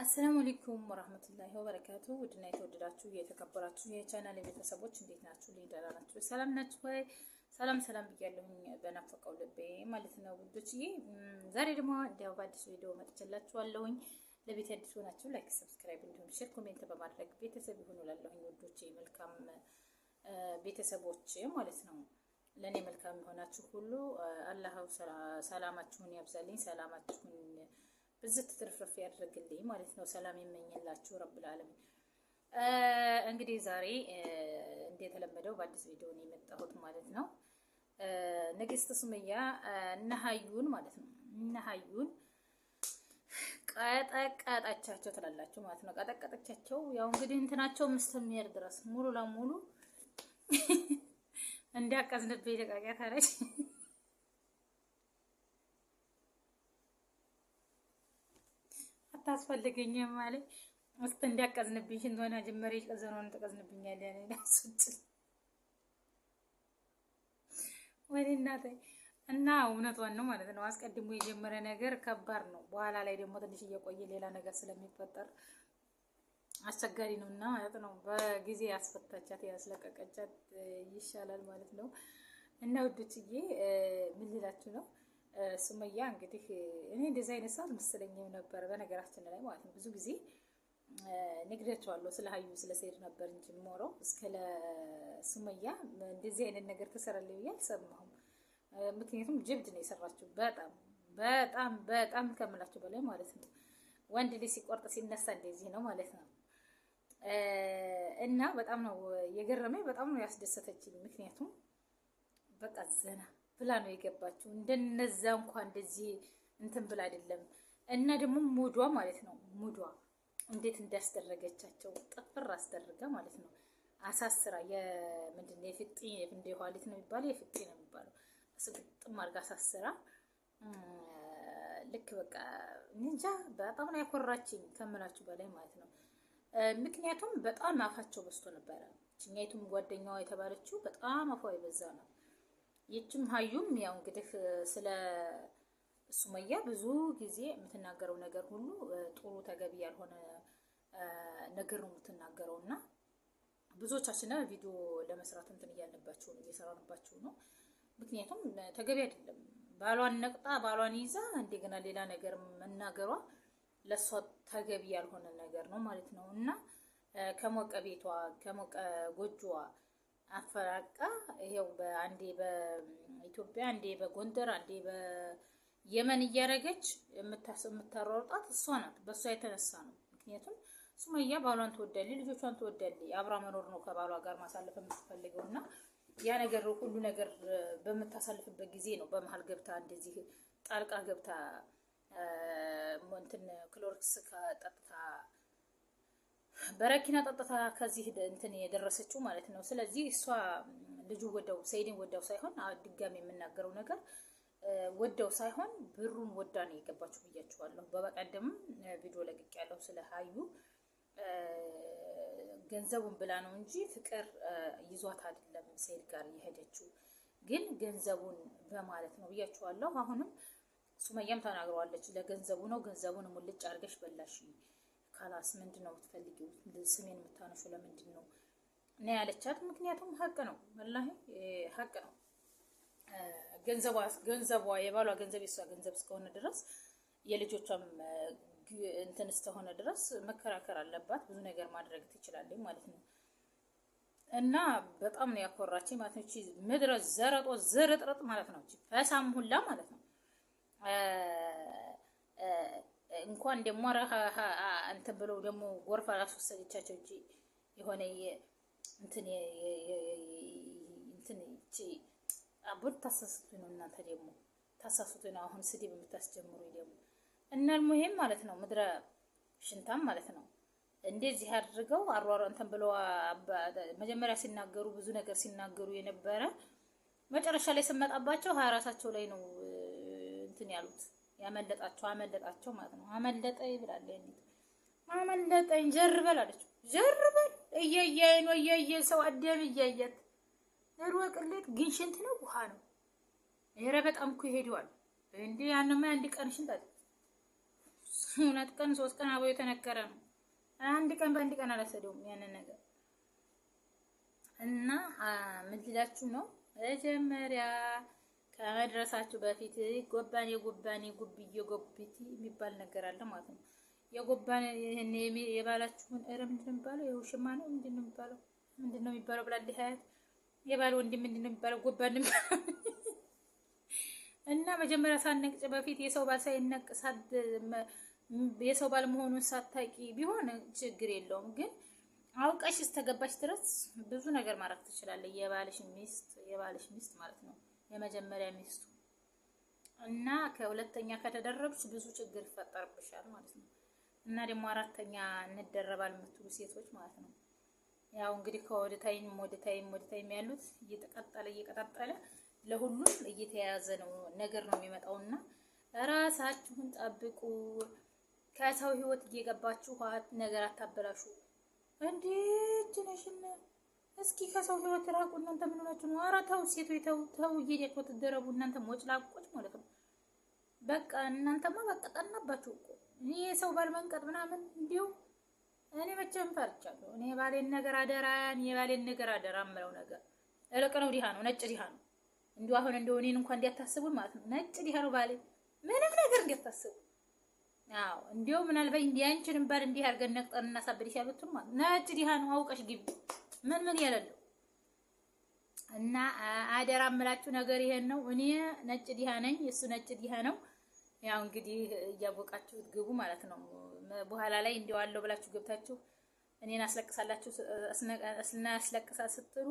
አሰላሙ አለይኩም ወራህመቱላሂ ወበረካቱ። ውድና የተወደዳችሁ የተከበራችሁ የቻናል ቤተሰቦች እንዴት ናችሁ? ደህና ናችሁ? ሰላም ናችሁ ወይ? ሰላም ሰላም ብያለሁኝ በናፈቀው ልቤ ማለት ነው ውዶችዬ። ዛሬ ደግሞ እንዲያው በአዲስ ቪዲዮ መጥቼላችኋለሁኝ። ለቤት አዲስ ሆናችሁ ላይክ፣ ሰብስክራይብ እንዲሁም ሼር፣ ኮሜንት በማድረግ ቤተሰብ ይሁኑ እላለሁኝ ውዶቼ። መልካም ቤተሰቦች ማለት ነው ለእኔ መልካም የሆናችሁ ሁሉ አላህ ሰላማችሁን ያብዛልኝ። ሰላማችሁን ብዝት ትርፍርፍ ያድርግልኝ ማለት ነው። ሰላም ይመኝላችሁ ረብል ዓለሚን። እንግዲህ ዛሬ እንደተለመደው በአዲስ ቪዲዮ ነው የመጣሁት ማለት ነው። ንግስት ሱመያ እነ ማለት ነው እነ ቀጠቀጣቻቸው ቀጠቀጠቻቸው ትላላችሁ ማለት ነው። ቀጠቀጠቻቸው ያው እንግዲህ እንትናቸው ምስተሚሄድ ድረስ ሙሉ ለሙሉ እንዲያቀዝንብ ደቃቂያ ታረች አታስፈልገኝም አለኝ። ውስጥ እንዲያቀዝንብኝ ሽንት ጀመረ ይቀዘኑ ተቀዝንብኛል ያለ ሱጭ ወይ እናት እና እውነቷን ነው ማለት ነው። አስቀድሞ የጀመረ ነገር ከባድ ነው። በኋላ ላይ ደግሞ ትንሽ እየቆየ ሌላ ነገር ስለሚፈጠር አስቸጋሪ ነው እና ማለት ነው። በጊዜ ያስፈታቻት ያስለቀቀቻት ይሻላል ማለት ነው። እና ውዶችዬ ምን ልላችሁ ነው ሱመያ እንግዲህ እኔ እንደዚህ አይነት ሰው አልመሰለኝም ነበር፣ በነገራችን ላይ ማለት ነው ብዙ ጊዜ ነግሬያቸዋለሁ። ስለ ሀዩ ስለ ሰይድ ነበር እንጂ የምኖረው እስከ ለሱመያ እንደዚህ አይነት ነገር ተሰራለ ብዬ አልሰማሁም። ምክንያቱም ጅብድ ነው የሰራችው። በጣም በጣም በጣም ከምላቸው በላይ ማለት ነው። ወንድ ልጅ ሲቆርጥ ሲነሳ እንደዚህ ነው ማለት ነው። እና በጣም ነው የገረመኝ፣ በጣም ነው ያስደሰተችኝ። ምክንያቱም በቃ ዘና ብላ ነው የገባችው። እንደነዛ እንኳ እንደዚህ እንትን ብላ አይደለም። እና ደግሞ ሙዷ ማለት ነው ሙዷ እንዴት እንዳስደረገቻቸው ጥፍር አስደርጋ ማለት ነው አሳስራ የምንድን ነው እንደ የኋሊት ነው የሚባለው የፍጤ ነው የሚባለው ስግጥም አድርጋ አሳስራ ልክ በቃ እንጃ በጣም ነው ያኮራችኝ ከምላችሁ በላይ ማለት ነው። ምክንያቱም በጣም አፋቸው በዝቶ ነበረ። ችኛይቱም ጓደኛዋ የተባለችው በጣም አፏ የበዛ ነው። ይችም ሀዩም ያው እንግዲህ ስለ ሱመያ ብዙ ጊዜ የምትናገረው ነገር ሁሉ ጥሩ ተገቢ ያልሆነ ነገር ነው የምትናገረው እና ብዙዎቻችን ቪዲዮ ለመስራት እንትን እያልንባቸው ነው እየሰራንባቸው ነው። ምክንያቱም ተገቢ አይደለም። ባሏን ነቅጣ ባሏን ይዛ እንደገና ሌላ ነገር መናገሯ ለእሷ ተገቢ ያልሆነ ነገር ነው ማለት ነው እና ከሞቀ ቤቷ ከሞቀ ጎጆዋ አፈራቃ ይሄው በአንዴ በኢትዮጵያ አንዴ በጎንደር አንዴ በየመን እያደረገች የምታሯርጣት እሷ ናት። በእሷ የተነሳ ነው። ምክንያቱም ሱመያ ባሏን ትወዳል፣ ልጆቿን ትወዳል። አብራ መኖር ነው ከባሏ ጋር ማሳለፍ የምትፈልገው እና ያ ነገር ሁሉ ነገር በምታሳልፍበት ጊዜ ነው በመሀል ገብታ እንደዚህ ጣልቃ ገብታ እንትን ክሎሪክስ ከጠጥታ በረኪና ጠጥታ ከዚህ እንትን የደረሰችው ማለት ነው። ስለዚህ እሷ ልጁ ወደው ሰይድን ወደው ሳይሆን ድጋሚ የምናገረው ነገር ወደው ሳይሆን ብሩን ወዳ ነው የገባችሁ ብያችኋለሁ። በበቀደምም ቪዲዮ ለቅቅ ያለው ስለ ሀዩ ገንዘቡን ብላ ነው እንጂ ፍቅር ይዟት አይደለም ሰይድ ጋር የሄደችው ግን ገንዘቡን በማለት ነው ብያችኋለሁ። አሁንም ሱመያም ተናግረዋለች። ለገንዘቡ ነው ገንዘቡን ሙልጭ አድርገሽ በላሽ ካላስ ምንድን ነው የምትፈልጊው? ስሜን የምታነሱ ለምንድን ነው እና ያለቻት። ምክንያቱም ሀቅ ነው ወላሂ ሀቅ ነው። ገንዘቧ ገንዘቧ የባሏ ገንዘብ የሷ ገንዘብ እስከሆነ ድረስ የልጆቿም እንትን እስከሆነ ድረስ መከራከር አለባት። ብዙ ነገር ማድረግ ትችላለች ማለት ነው። እና በጣም ነው ያኮራችኝ ማለት ነው። ምድረ ዘረጦ ዝርጥርጥ ማለት ነው። ፈሳም ሁላ ማለት ነው። እንኳን ደግሞ ረሃ እንትን ብለው ደግሞ ራሱ አላስወሰደቻቸው እንጂ የሆነ እንትን እንትን እቺ አቦድ ታሳስቱ ነው። እናንተ ደግሞ ታሳስቱ ነው። አሁን ስድብ የምታስጀምሩ ደግሞ እናል ሙሄም ማለት ነው። ምድረ ሽንታም ማለት ነው። እንደዚህ አድርገው አሯሯ እንትን ብለው መጀመሪያ ሲናገሩ ብዙ ነገር ሲናገሩ የነበረ መጨረሻ ላይ ስመጣባቸው ሀያ ራሳቸው ላይ ነው እንትን ያሉት። ያመለጣቸው አመለጣቸው ማለት ነው። አመለጠኝ ብላለች። አመለጠኝ ጀርበል አለች። ጀርበል እየያይ ነው እየየ ሰው አደብ እያየት ሩወቅለት ግን ሽንት ነው ውሃ ነው። ኧረ በጣም እኮ ይሄደዋል እንዴ! ያንማ አንድ ቀን ሽንት አለ ሁለት ቀን ሶስት ቀን አቦ የተነገረ ነው። አንድ ቀን በአንድ ቀን አላሰደውም ያንን ነገር እና ምን ልላችሁ ነው መጀመሪያ ከመድረሳችሁ በፊት ጎባን የጎባን የጉብዬ ጎቢቲ የሚባል ነገር አለ ማለት ነው። የጎባን ይሄን የባላችሁን እረ ምንድን ነው የሚባለው? የውሽማ ነው ምንድን ነው የሚባለው? ምንድን ነው የሚባለው ብላለች ሀያት። የባል ወንድም ምንድን ነው የሚባለው? ጎባን እና መጀመሪያ ሳነቅጭ በፊት የሰው ባል ሳይነቅ የሰው ባል መሆኑን ሳታቂ ቢሆን ችግር የለውም። ግን አውቀሽ እስተገባሽ ድረስ ብዙ ነገር ማድረግ ትችላለህ። የባልሽ ሚስት የባልሽ ሚስት ማለት ነው። የመጀመሪያ ሚስቱ እና ከሁለተኛ ከተደረብሽ ብዙ ችግር ይፈጠርብሻል ማለት ነው። እና ደግሞ አራተኛ እንደረባል የምትሉ ሴቶች ማለት ነው። ያው እንግዲህ ከወደታይም ወደታይም ወደታይም ያሉት እየተቀጠለ እየቀጣጠለ ለሁሉም እየተያያዘ ነው ነገር ነው የሚመጣውና ራሳችሁን ጠብቁ። ከሰው ህይወት እየገባችሁ ነገር አታበላሹ እንዴ ትነሽና እስኪ ከሰው ህይወት ራቁ። እናንተ ምን ሆናችሁ ነው? ኧረ ተው ሴቶች ተው ተው፣ እየደቆ ትደረቡ እናንተ ሞጭላቆች ማለት ነው። በቃ እናንተማ በቃ ጠናባችሁ እኮ። እኔ የሰው ባል መንቀጥ ምናምን እንዲሁ እኔ መቼም ፈርቻለሁ። እኔ ባሌን ነገር አደራ፣ እኔ ባሌን ነገር አደራ የምለው ነገር እልቅ ነው። ዲሃ ነው፣ ነጭ ዲሃ ነው። እንዲሁ አሁን እንደው እኔን እንኳን እንዲያታስቡን ማለት ነው። ነጭ ዲሃ ነው ባሌ፣ ምንም ነገር እንዲያታስቡ። አዎ እንዲሁ ምናልባት እንዲያንችንም ባል እንዲህ አድርገን ነቅጠን እናሳብድሽ ያሉትን ማለት ነጭ ዲሃ ነው። አውቀሽ ግቢ ምን ምን የሌለው እና አደራ የምላችሁ ነገር ይሄን ነው። እኔ ነጭ ዲሃ ነኝ፣ እሱ ነጭ ዲሃ ነው። ያው እንግዲህ እያወቃችሁት ግቡ ማለት ነው። በኋላ ላይ እንዲያው አለው ብላችሁ ገብታችሁ እኔን አስለቅሳላችሁ ስናስለቅሳ ስትሉ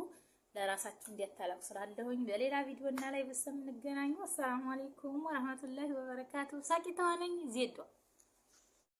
ለራሳችሁ እንዲያታላቁ ስላለሁኝ በሌላ ቪዲዮ እና ላይ ብስም እንገናኙ። አሰላሙ አለይኩም ወራህመቱላሂ ወበረካቱ። ሳቂታዋ ነኝ ዜዷ